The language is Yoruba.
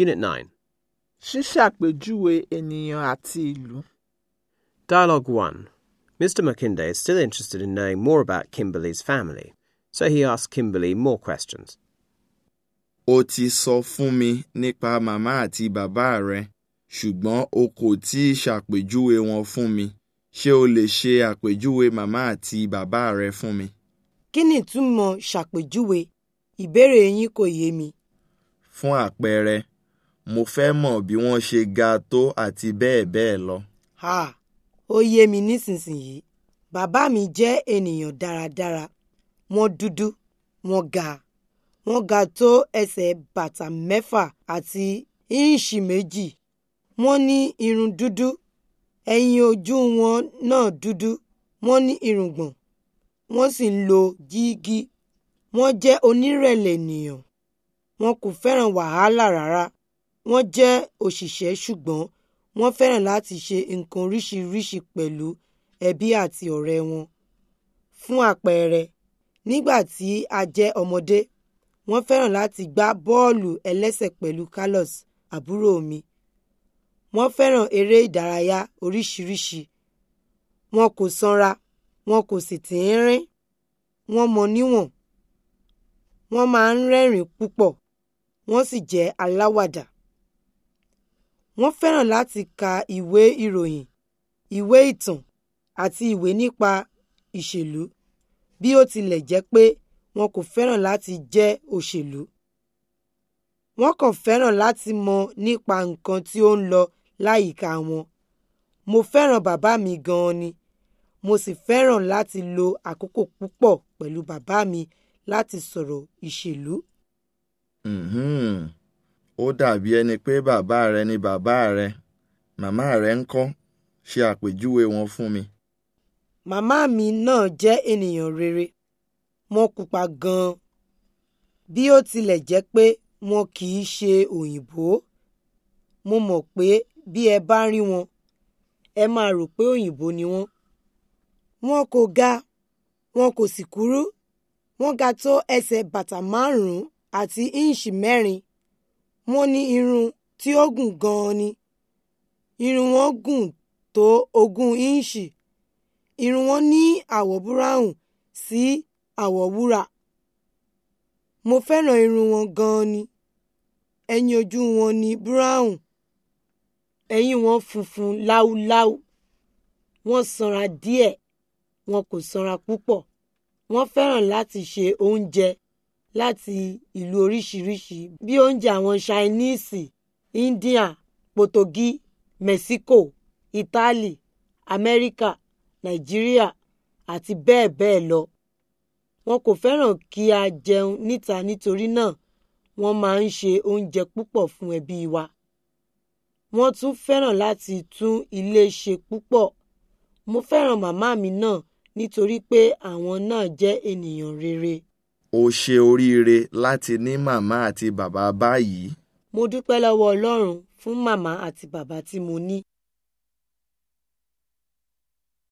Unit 9. Ṣíṣàpèjúwe àti ìlú. Dialogue 1. Mr. Makinde is still interested in knowing more about Kimberly's family, so he asks Kimberly more questions. Oti ti sọ fún mi nípa màmá àti bàbá rẹ, ṣùgbọ́n o kò tí ì ṣàpèjúwe wọn fún mi. Ṣé o lè ṣe àpèjúwe màmá àti bàbá rẹ fún mi? Kí ni ìtumọ̀ ṣàpèjúwe? Ìbéèrè yín kò yé Fún akbere. mo fẹ́ mọ̀ bí wọ́n ṣe ga tó àti bẹ́ẹ̀ bẹ́ẹ̀ lọ. ha ó yé mi nísinsìnyí bàbá mi jẹ́ ènìyàn dáradára wọ́n dúdú wọ́n ga wọ́n ga tó ẹsẹ̀ bàtà mẹ́fà àti íǹṣì méjì wọ́n ní irun dúdú ẹ̀yìn ojú wọn náà dúdú wọ́n ní irùngbọ̀n wọ́n sì ń lo jígí wọ́n jẹ́ onírẹ̀lẹ̀ ènìyàn wọn kò fẹ́ràn wàhálà rárá Wọ́n jẹ́ òṣìṣẹ́ ṣùgbọ́n wọ́n fẹ́ràn láti ṣe nǹkan oríṣiríṣi pẹ̀lú ẹbí àti ọ̀rẹ́ wọn. Fún àpẹẹrẹ, nígbà tí a jẹ́ ọmọdé, wọ́n fẹ́ràn láti gbá bọ́ọ̀lù-ẹlẹ́sẹ̀ pẹ̀lú Carlos, àbúrò mi. Wọ́n fẹ́ràn eré ìdárayá oríṣiríṣi, wọn kò sanra, wọn kò sì tínrín, wọ́n mọ níwọ̀n, wọ́n máa ń rẹ́rìn-ín púpọ̀, wọ́n sì jẹ́ aláwàdà. Wọ́n fẹ́ràn láti ka ìwé ìròyìn, ìwé ìtàn àti ìwé nípa ìṣèlú, bí ó tilẹ̀ jẹ́ pé wọn kò fẹ́ràn láti jẹ́ òṣèlú, wọ́n kàn fẹ́ràn láti mọ̀ nípa nǹkan tí ó ń lọ láyìíká wọn. Mo fẹ́ràn bàbá mi gan-an ni, mo sì fẹ́ràn láti lo àkókò púpọ̀ pẹ̀lú bàbá mi láti sọ̀rọ̀ ìṣèlú. Mm-hmm ó dàbí ẹni pé bàbá rẹ ni bàbá rẹ màmá rẹ ń kọ́ ṣe àpèjúwe wọn fún mi. màmá mi náà jẹ́ ènìyàn rere wọn pupa gan-an bí ó tilẹ̀ jẹ́ pé wọn kì í ṣe òyìnbó mo mọ̀ pé bí ẹ bá rí wọn ẹ máa rò pé òyìnbó ni wọ́n. wọn kò ga wọn kò sì kúrú wọ́n ga tó ẹsẹ̀ bàtà márùn-ún àti íǹṣì mẹ́rin wọ́n ní irun tí ó gùn gan-an ni irun wọn gùn tó ogún íǹṣì irun wọn ní àwọ̀ búráùn sí àwọ̀ wúrà mo fẹ́ràn irun wọn gan-an ni ẹ̀yìn ojú wọn ní búráùn ẹ̀yìn wọn funfun láúláú wọ́n sanra díẹ̀ wọn kò sanra púpọ̀ wọ́n fẹ́ràn láti ṣe oúnjẹ láti ìlú oríṣiríṣi bíi oúnjẹ àwọn ṣáíníìsì íńdíà potogí mẹ́síkò ítálì amẹ́ríkà nàìjíríà àti bẹ́ẹ̀ bẹ́ẹ̀ lọ. wọn kò fẹ́ràn kí a jẹun níta nítorí náà wọ́n máa ń se oúnjẹ púpọ̀ fún ẹbí wa. wọ́n tún fẹ́ràn láti tún ilé ṣe púpọ̀. mo fẹ́ràn màmá mi náà nítorí pé àwọn náà jẹ́ ènìyàn rere o ṣe oríire láti ní màmá àti bàbá báyìí. mo dúpẹ́ lọ́wọ́ ọlọ́run fún màmá àti bàbá tí mo ní